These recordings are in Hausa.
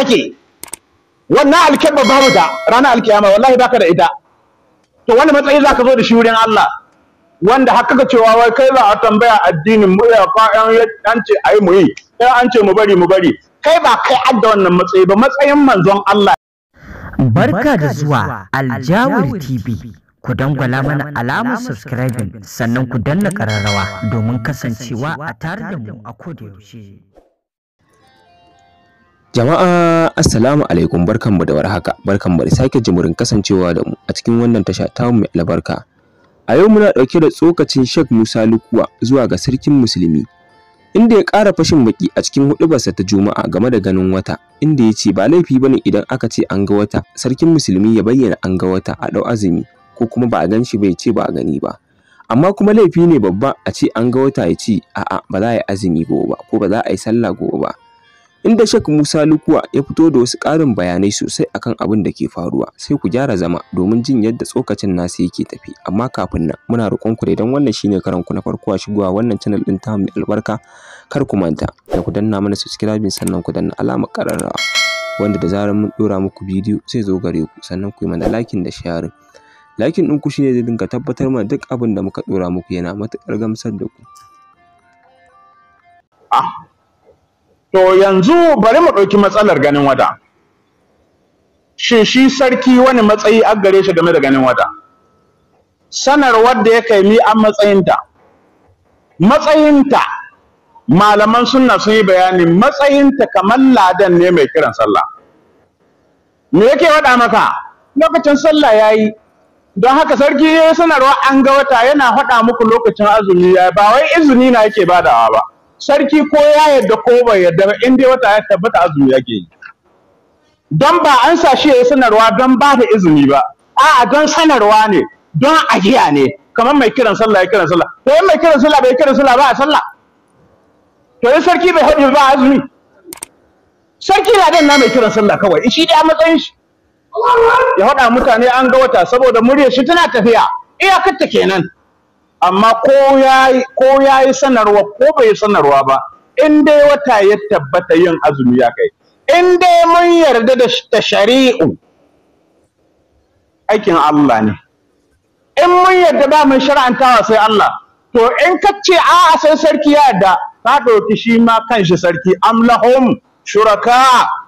kake wannan alkebba babu ta ranar alkiyama wallahi baka da ita to wani matsayi zaka zo da shi wurin Allah wanda haka ka cewa wai kai za a tambaya addinin mu ya fa an ce ai mu yi an ce mu bari mu bari kai ba kai adda wannan matsayi ba matsayin manzon Allah barka da zuwa Aljawul tv ku dangwala mana alamar subscribing sannan ku danna kararrawa domin kasancewa a tare da mu a koda yaushe Jama'a assalamu alaikum barkanmu da warhaka barkanmu da sake jimurin kasancewa da mu a cikin wannan tasha ta mu albarka. A yau muna ɗauke da tsokacin Sheikh Musa Lukuwa zuwa ga sarkin musulmi inda ya ƙara fashin baki a cikin huɗubarsa ta Juma'a game da ganin wata inda ya ce ba laifi bane idan aka ce an ga wata sarkin musulmi ya bayyana an ga wata a ɗau azumi ko kuma ba a gan shi bai ce ba a gani ba. amma kuma laifi ne babba a ce an ga wata ya ce a'a ba za a yi azumi gobe ba ko ba za a yi sallah gobe ba inda shek Musa Lukuwa ya fito da wasu ƙarin bayanai sosai akan abin da ke faruwa sai ku gyara zama domin jin yadda tsokacin nasu yake tafi amma kafin nan muna roƙon ku da idan wannan shine karan ku na farko a shigowa wannan channel din ta mai albarka kar ku manta da ku danna mana subscribe sannan ku danna alamar ƙararrawa wanda da zarar mun ɗora muku bidiyo sai zo gare ku sannan ku yi mana lakin da sharing ɗin ku shine zai dinga tabbatar mana duk abin da muka ɗora muku yana matuƙar gamsar da ku ah To yanzu bari mu ɗauki matsalar ganin wata. Shin shi sarki wani matsayi a gare shi game da ganin wata? Sanar da ya kai mi an matsayinta. Matsayinta malaman sunna sun yi bayani matsayinta kamar ladan ne mai kiran sallah. Me yake waɗa maka? Lokacin sallah ya yi, don haka sarki ya yi sanarwa an ga wata yana faɗa muku lokacin azumi ya ba wai izini na yake badawa ba. sarki ko ya yarda ko bai yarda ba in dai wata ya tabbata azumi yake yi don ba an sa shi ya sanarwa don ba da izini ba a'a don sanarwa ne don ajiya ne kamar mai kiran sallah ya kiran sallah to mai kiran sallah bai kiran sallah ba a sallah to in sarki bai haɗu ba azumi sarki na dan na mai kiran sallah kawai shi dai a matsayin shi ya haɗa mutane an ga wata saboda muryar shi tana tafiya iyakar ta kenan amma ko yayi ko sanarwa ko bai yi sanarwa ba in dai wata ya tabbata yin azumi ya kai in dai mun yarda da shari'u aikin Allah ne in mun yarda ba mun shara'antawa sai Allah to in ka ce a'a sai sarki ya yarda ka ɗauki shi ma kan shi sarki am lahum shuraka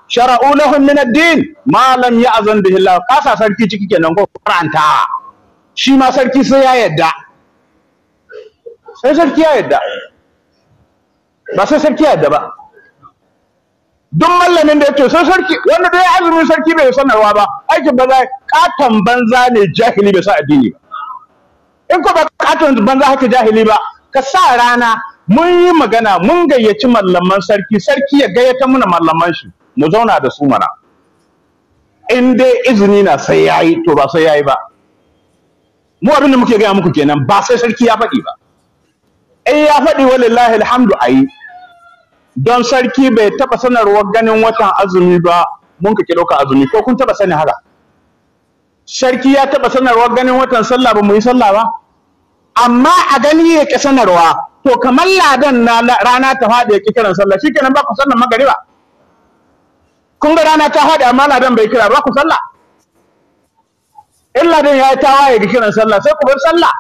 shara'u lahum min ad-din ma lam ya'zan bihi Allah ka sa sarki ciki kenan ko faranta. shi ma sarki sai ya yarda sai sarki ya yadda ba sai sarki ya yadda ba duk mallamin da yake sai sarki wanda dai azumin sarki bai sanarwa ba aikin banza katon banza ne jahili bai sa addini ba in ko ba katon banza haka jahili ba ka sa rana mun yi magana mun gayyaci mallaman sarki sarki ya gayyata muna mallaman shi mu zauna da su mana in dai izini na sai yayi to ba sai yayi ba mu abin da muke gaya muku kenan ba sai sarki ya faɗi ba in eh, ya faɗi walillahi alhamdu ayi don sarki bai taɓa sanarwar ganin watan azumi ba mun ka ɗauka azumi ko kun taɓa sani haka sarki ya taɓa sanarwar ganin watan sallah ba mu yi sallah ba amma a gani ya ƙi sanarwa to kamar ladan na rana ta faɗi ya ƙi kiran sallah shi kenan ba ku sallah magariba kun ga rana ta faɗi amma ladan bai kira ba ku sallah in ladan ya yi tawaye ga kiran sallah sai ku bar sallah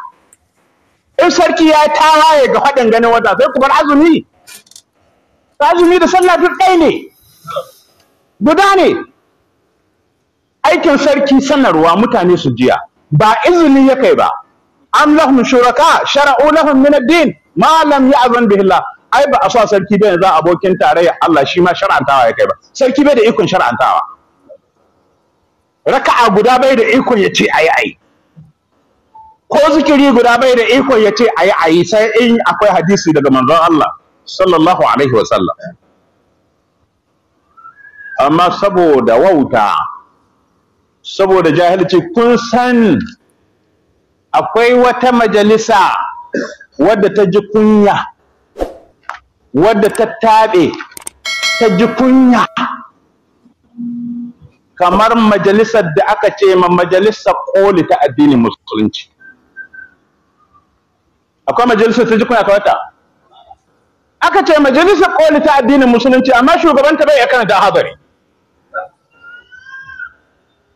in sarki ya tawaye ga faɗin ganin wata sai ku bar azumi azumi da sallah duk ɗaya ne guda ne aikin sarki sanarwa mutane su jiya ba izini ya kai ba am lahum shuraka shara'u lahum min ad-din ma lam ya'zan bihi Allah ai ba a sa sarki da za abokin tarayya Allah shi ma shar'antawa ya kai ba sarki bai da ikon shar'antawa raka'a guda bai da ikon ya ce ai ai ko zikiri guda bai da iko ya ce a yi a yi, sai in akwai hadisi daga manzon Allah sallallahu alaihi wa sallam amma saboda wauta saboda jahilci kun san akwai wata majalisa wadda ta ji kunya wadda ta taɓe ta ji kunya kamar majalisar da aka ce ma majalisar koli ta addinin musulunci akwai majalisar ta jikuna ka wata aka ce majalisar koli ta addinin musulunci amma shugaban ta bai ya karanta habari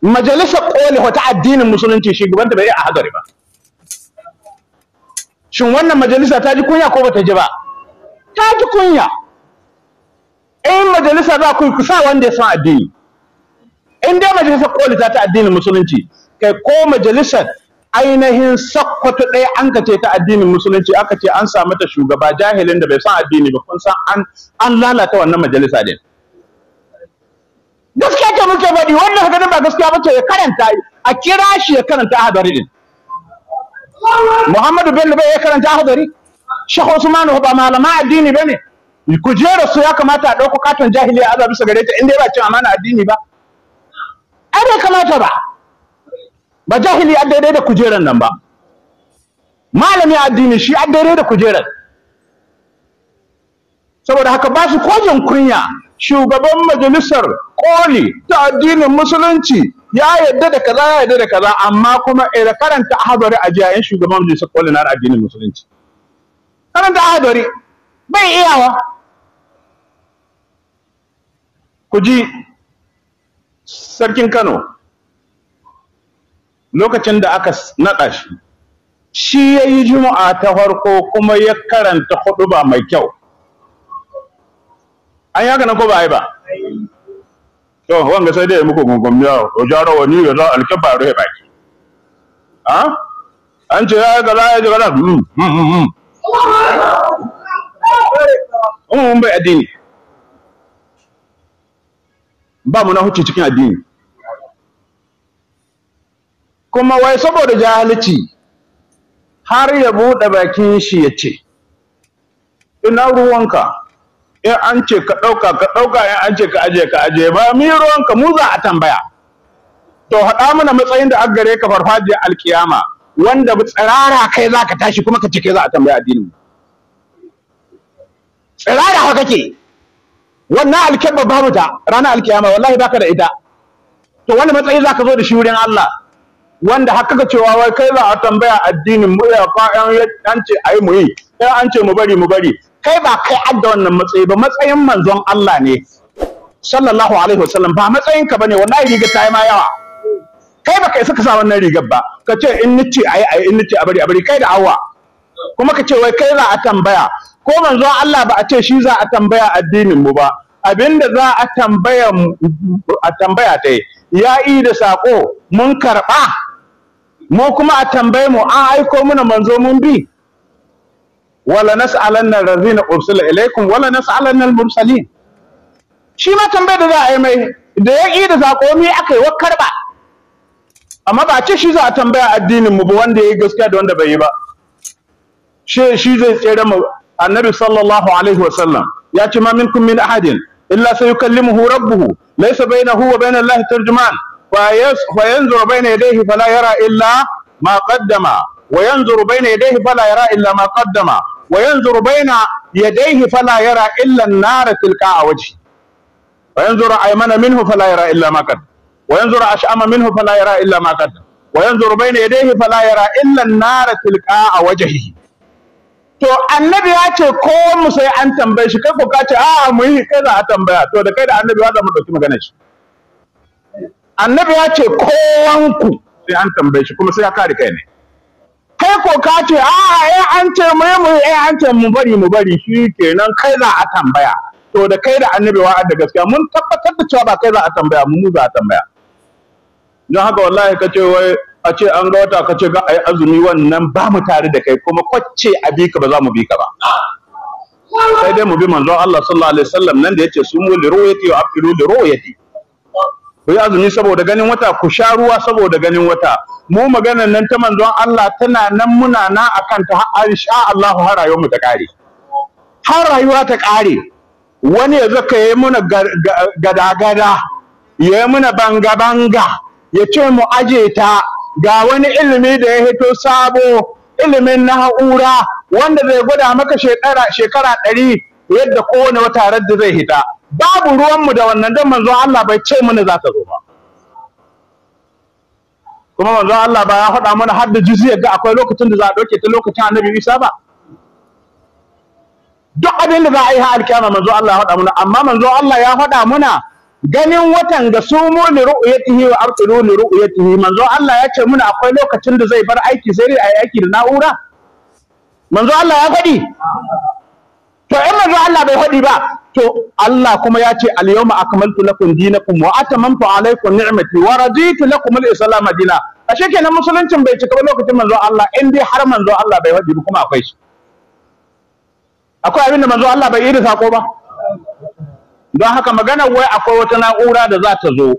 majalisar koli ta addinin musulunci shugaban ta bai a habari ba shin wannan majalisa ta ji kunya ko bata ji ba ta ji kunya in majalisa za ku kusa wanda ya san addini in dai majalisar koli ta ta addinin musulunci kai ko majalisar ainihin sakkwato ɗaya an ka ce ta addinin musulunci aka ce an samu ta shugaba jahilin da bai san addini ba kun san an lalata wannan majalisa din gaskiya ce muke faɗi wannan haka ba gaskiya ba ce ya karanta a kira shi ya karanta ahadari din Muhammadu Bello bai ya karanta ahadari Sheikh Usmanu ba malama addini ba je da su ya kamata a ɗauko katon jahiliya azabi su gare ta inda ba cin amana addini ba ai bai kamata ba ba jahili a daidai da kujeran nan ba malami addini shi a daidai da kujeran saboda haka ba su kojin kunya shugaban majalisar koli ta addinin musulunci ya yadda da kaza ya yadda da kaza amma kuma ira karanta ahadari a jiyayen shugaban majalisar koli na addinin musulunci karanta ahadari bai iyawa ku ji sarkin kano lokacin da aka naɗa shi shi ya yi juma'a ta farko kuma ya karanta ba mai kyau an yi haka na ko ba yi ba to wanga sai dai muku gungumiya o jara wani ya za alkiba ya rufe baki a an ce ya ga ya ji gara mun bai addini ba mu na huce cikin addini kuma wai saboda jahilci har ya buɗe bakin shi ya ce ina ruwanka in an ce ka ɗauka ka ɗauka in an ce ka aje ka aje ba mi ruwanka mu za a tambaya to haɗa mana matsayin da aggare ka farfaje alkiyama wanda tsirara kai za ka tashi kuma ka ce kai za a tambaya addinin tsirara haka kake wannan alkiyama babu ta ranar alkiyama wallahi baka da ita to wani matsayi za ka zo da shi wurin Allah wanda haka ka cewa wai kai za a tambaya addinin mu ya fa an ce ai mu yi sai an ce mu bari mu bari kai ba kai adda wannan matsayi ba matsayin manzon Allah ne sallallahu alaihi wasallam ba matsayin ka bane wallahi riga ta yi ma yawa kai ba kai suka sa wannan rigar ba ka ce in nice ai ai in nice a bari a bari kai da awwa kuma ka ce wai kai za a tambaya ko manzon Allah ba a ce shi za a tambaya addinin mu ba abinda za a tambaya a tambaya ta ya yi da sako mun karɓa mu kuma a tambaye mu an aiko muna manzo mun bi wala nas'alan allazina ursila ilaikum wala nas'alan al-mursalin shi ma tambayar da za a yi mai da ya yi da zako mi aka yi wa karɓa amma ba ce shi za a tambaya addinin mu ba wanda ya yi gaskiya da wanda bai yi ba shi shi zai tsere mu annabi sallallahu alaihi wa sallam ya ce ma minkum min ahadin illa sayukallimuhu rabbuhu laysa bainahu wa bainallahi tarjuman فينظر بين يديه فلا يرى إلا ما قدم وينظر بين يديه فلا يرى إلا ما قدم وينظر بين يديه فلا يرى إلا النار تلقاء وجهه وينظر أيمن منه فلا يرى إلا ما قدم وينظر أشأم منه فلا يرى إلا ما قدم وينظر بين يديه فلا يرى إلا النار تلقاء وجهه to annabi ya ce ko mu sai an tambaye shi kai ko ka ce a'a mu yi kaza a tambaya to da kai da annabi wa za mu dauki maganar shi annabi ya ce kowanku sai an tambaye shi kuma sai ya kare kai ne kai ko ka ce a eh an ce mu eh, mu eh an ce mu bari mu bari shi kenan kai za a tambaya to da kai da annabi wa da gaskiya mun tabbatar da cewa ba kai za a tambaya mu mu za a tambaya don haka wallahi ka ce wai a ce an ga wata ka ce ga ai azumi wannan ba mu tare da kai kuma kwacce a bi ka ba za mu bi ka ba sai dai mu bi manzon Allah sallallahu alaihi wasallam nan da yace sumu li ru'yati wa aqilu li ru'yati ku yi azumi saboda ganin wata ku sha ruwa saboda ganin wata mu maganar nan ta manzon Allah tana nan muna na akan ta sha Allahu har rayuwar mu ta kare har rayuwa ta kare wani ya zaka yi muna gada-gada ya yi muna banga-banga ya ce mu aje ta ga wani ilimi da ya hito sabo ilimin na'ura wanda zai gwada maka shekara ɗari yadda kowane wata da zai hita babu ruwanmu da wannan dan manzo Allah bai ce mana za ta zo ba kuma manzo Allah ba ya faɗa mana har da jizya ga akwai lokacin da za a ɗauke ta lokacin annabi Isa ba duk abin da za a yi har alkiyama manzo Allah ya faɗa mana amma manzo Allah ya faɗa mana ganin watan ga mu ni ru'yatihi wa abtilu ni ru'yatihi manzo Allah ya ce muna akwai lokacin da zai bar aiki sai dai ayi aiki da na'ura manzo Allah ya faɗi to in manzo Allah bai faɗi ba to Allah kuma ya ce al-yawma akmaltu lakum dinakum wa atamantu alaykum ni'mati wa raditu lakum al-islam dina ashe kenan musuluncin bai cika ba lokacin manzo Allah in dai har manzo Allah bai wadi kuma akwai shi akwai abin da manzo Allah bai yi da sako ba don haka magana wai akwai wata na'ura da za ta zo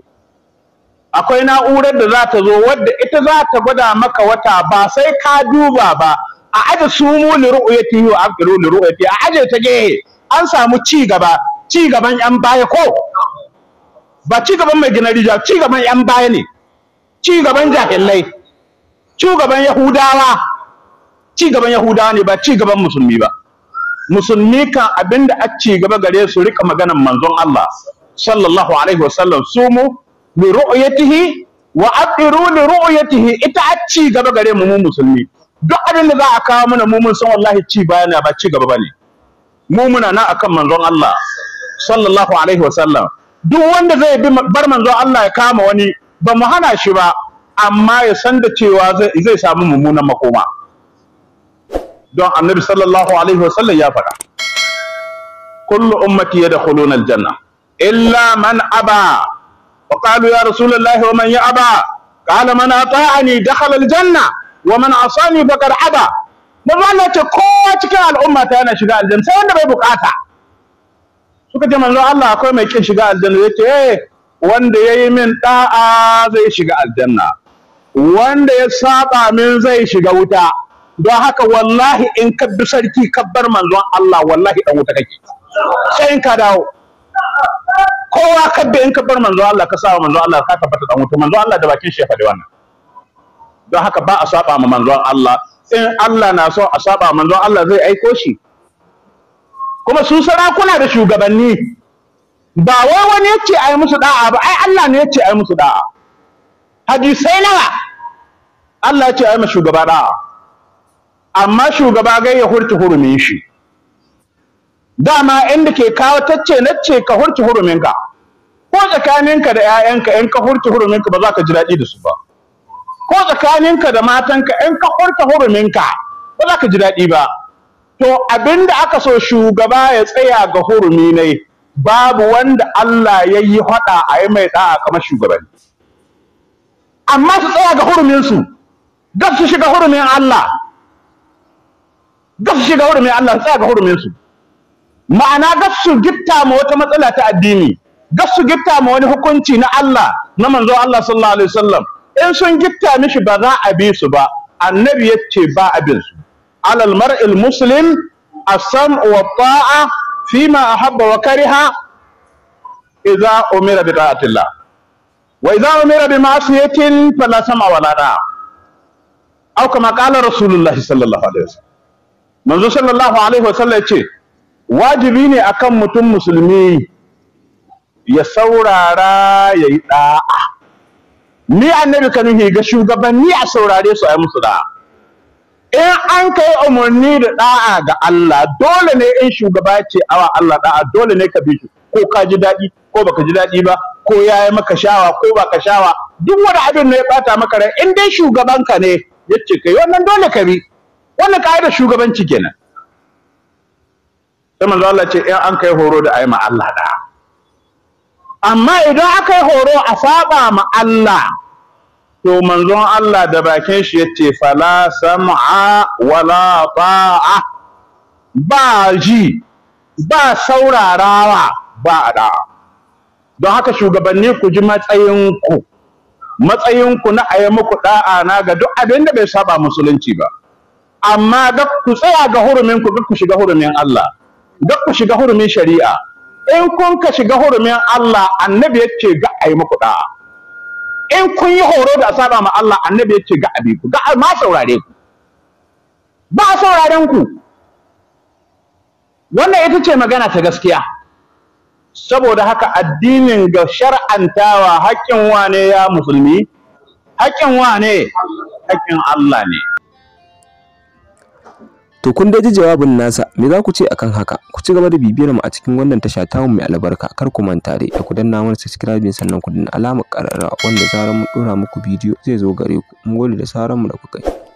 akwai na'urar da za ta zo wadda ita za ta gwada maka wata ba sai ka duba ba a aje sumu li ru'yatihi wa aqiru li ru'yati a aje ta gehe an samu ci gaba ci gaban yan baya ko ba ci gaban mai gina rijiya ci gaban yan baya ne ci gaban jahilai ci gaban yahudawa ci gaban yahudawa ne ba ci gaban musulmi ba musulmi kan abinda a ci gaba gare su rika maganan manzon Allah sallallahu alaihi wasallam sumu bi ru'yatihi wa aqiru li ru'yatihi ita a ci gaba gare mu mu musulmi duk abin da za a kawo mana mu mun san wallahi ci baya ne ba ci gaba bane mu muna nan akan manzon Allah sallallahu alaihi wasallam duk wanda zai bi bar manzon Allah ya kama wani ba mu hana shi ba amma ya san da cewa zai samu mummunan makoma don annabi sallallahu alaihi wasallam ya faɗa kullu ummati yadkhuluna aljanna illa man aba wa qalu ya rasulullahi wa man ya aba qala man ata'ani dakhala aljanna wa man asani faqad aba manzo Allah ya ce kowa cikin al'umma ta yana shiga aljanna sai wanda bai bukata suka ce manzo Allah akwai mai kin shiga aljanna yace eh wanda yayi min da'a zai shiga aljanna wanda ya saba min zai shiga wuta don haka wallahi in ka bi sarki ka bar manzon Allah wallahi dan wuta kake sai in ka dawo kowa ka bi in ka bar manzon Allah ka sa manzon Allah ka tabbata dan wuta manzon Allah da bakin shi ya faɗi wannan don haka ba a saba ma manzon Allah in Allah na so a saba manzo Allah zai aiko shi kuma su sarakuna da shugabanni ba wai wani yace ai musu da'a ba ai Allah ne yace ai musu da'a hadisai nawa Allah yace ai ma shugaba da'a amma shugaba gai ya hurci hurumin shi dama inda ke kawo tacce ce ka hurci hurumin ka ko tsakaninka da 'ya'yanka in ka hurci hurumin ka ba za ka ji daɗi da su ba ko tsakaninka da matanka in ka hurta huruminka ba za ka ji daɗi ba to abinda aka so shugaba ya tsaya ga hurumi ne babu wanda Allah ya yi faɗa a yi mai ɗa'a kamar shugabanni amma su tsaya ga huruminsu gaf su shiga hurumin Allah gaf su shiga hurumin Allah su tsaya ga huruminsu ma'ana gaf su gifta ma wata matsala ta addini gaf su gifta ma wani hukunci na Allah na manzo Allah sallallahu alaihi wasallam in sun gitta mishi ba za a bi su ba annabi ya ce ba abin su alal mar'il muslim asam wa ta'a fima ahabba wa kariha idza umira bi ta'atillah wa idza umira bi ma'siyatin fala sama wala da aw kama qala rasulullahi sallallahu alaihi wasallam manzo sallallahu alaihi wasallam ce wajibi ne akan mutum musulmi ya saurara yayi da'a ni annabi ka nuhi ga shugabanni a saurare su a yi musu da'a in an kai umarni da da'a ga Allah dole ne in shugaba ce awa Allah da'a dole ne ka bi shi ko ka ji daɗi ko baka ji daɗi ba ko ya yi maka shawa ko baka shawa duk wani abin ne ya bata maka rai in dai shugabanka ne ya ce kai wannan dole ka bi wannan ka da shugabanci kenan sai manzo Allah ce in an kai horo da ayi ma Allah da'a amma idan aka yi horo a saba ma Allah to manzon Allah da bakin shi yace fala sam'a wala ta'a ba ji ba saurarawa ba da don haka shugabanni ku ji matsayinku matsayinku na ayi muku da'a na ga duk abin da bai saba musulunci ba amma duk ku tsaya ga hurumin ku duk ku shiga hurumin Allah duk ku shiga hurumin shari'a in kun ka shiga hurumin Allah annabi yace ga ayi muku da in kun yi horo da saba ma Allah annabi yace ga abi ku ga ma saurare ku ba sauraren ku wannan ita ce magana ta gaskiya saboda haka addinin ga shar'antawa haƙƙin wane ya musulmi haƙƙin wane haƙƙin Allah ne To kun dai ji jawabin nasa, me za ku ce akan haka? Ku ci gaba da bibiyar mu a cikin wannan tasha ta mu mai albarka. Kar ku manta da ku danna mana subscribe sannan ku danna alamar ƙararrawa wanda zarar mun dora muku bidiyo zai zo gare ku. Mun gode da sauran mu da kuka yi.